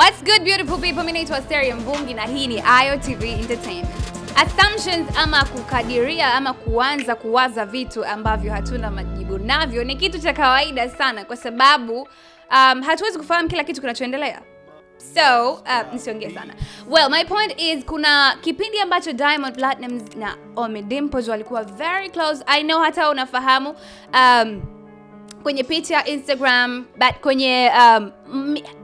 What's good beautiful people? Mimi naitwa Asteria Mvungi na hii ni Ayo TV Entertainment. Assumptions ama kukadiria ama kuanza kuwaza vitu ambavyo hatuna majibu navyo ni kitu cha kawaida sana kwa sababu um, hatuwezi kufahamu kila kitu kinachoendelea. So, uh, nisiongee sana. Well, my point is kuna kipindi ambacho Diamond Platnumz na Ommy Dimpoz walikuwa very close. I know hata unafahamu um, kwenye picha Instagram, but kwenye um,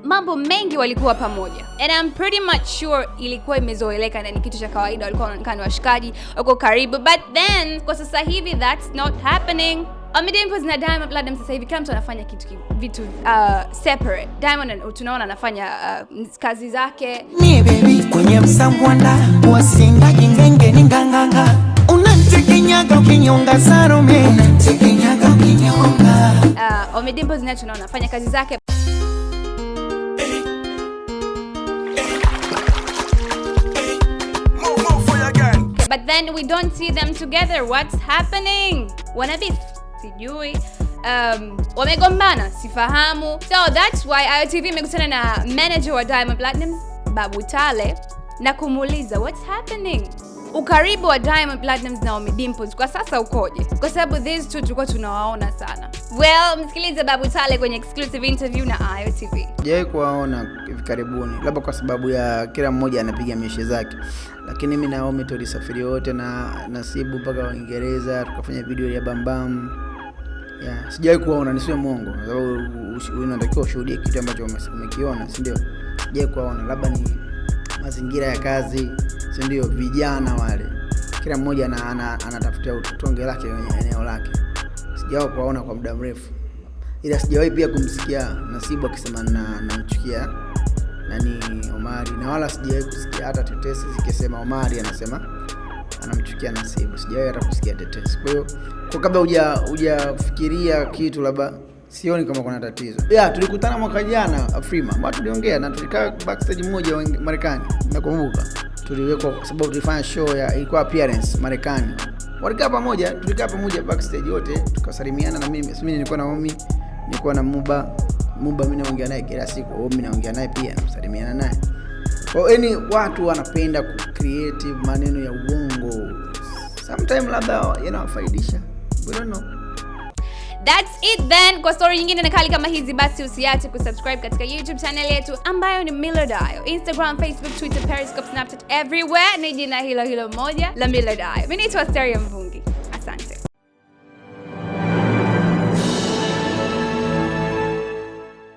mambo mengi walikuwa pamoja, and I'm pretty much sure ilikuwa imezoeleka na ni kitu cha kawaida, walikuwa wanaonekana washikaji, wako karibu, but then kwa sasa hivi that's not happening. Ami Dimpoz na Diamond Platnumz sasa hivi kama mtu anafanya kitu vitu uh, separate. Diamond tunaona anafanya uh, kazi zake ni baby kwenye msambwanda wa singa jingenge ninganganga unanitekenyaga ukinyonga sarume Amejembe zinacho anafanya kazi zake. But then we don't see them together. What's happening? Wanna be? Sijui. Um, wamegombana sifahamu. So that's why IOTV imekutana na manager wa Diamond Platinum Babu Tale na kumuuliza what's happening? Ukaribu wa Diamond Platnumz na Ommy Dimpoz kwa sasa ukoje? Kwa sababu these two tulikuwa tunawaona sana. Well, msikilize Babu Tale kwenye exclusive interview na Ayo TV. kuwaona hivi karibuni, labda kwa sababu ya kila mmoja anapiga mishe zake, lakini mimi na Ommy tulisafiri wote na Nasibu mpaka Uingereza, tukafanya video ya bambam yeah. Sijawahi kuwaona, nisiwe mwongo, kwa sababu unatakiwa ushuhudie kitu ambacho umekiona, si ndio? Sijawahi kuwaona, labda ni mazingira ya kazi, si ndio? Vijana wale, kila mmoja anatafutia utonge lake kwenye eneo lake. Sijawahi kuwaona kwa muda mrefu, ila sijawahi pia kumsikia Nasibu akisema na namchukia nani Omari, na wala sijawahi kusikia hata tetesi zikisema Omari anasema anamchukia Nasibu. Sijawahi hata kusikia tetesi. Kwa hiyo kwa kabla hujafikiria kitu labda sioni kama kuna tatizo. ya Yeah, tulikutana mwaka jana Afrima, ambapo tuliongea na tulikaa backstage mmoja Marekani, nakumbuka tuliwekwa kwa sababu tulifanya show ya ilikuwa appearance Marekani, walikaa pamoja, tulikaa pamoja backstage wote tukasalimiana, na mimi mimi nilikuwa na Omi, nilikuwa na Muba Muba, mimi naongea naye kila siku, Omi naongea naye pia, nasalimiana naye kwa yani, watu wanapenda ku create maneno ya uongo sometimes, labda yanawafaidisha, we don't know That's it then. Kwa story nyingine na kali kama hizi, basi usiache kusubscribe katika YouTube channel yetu ambayo ni millardayo Instagram, Facebook, Twitter, Periscope, Snapchat, everywhere ni jina hilo hilo moja la Millard Ayo. Mimi naitwa Asteria Mvungi.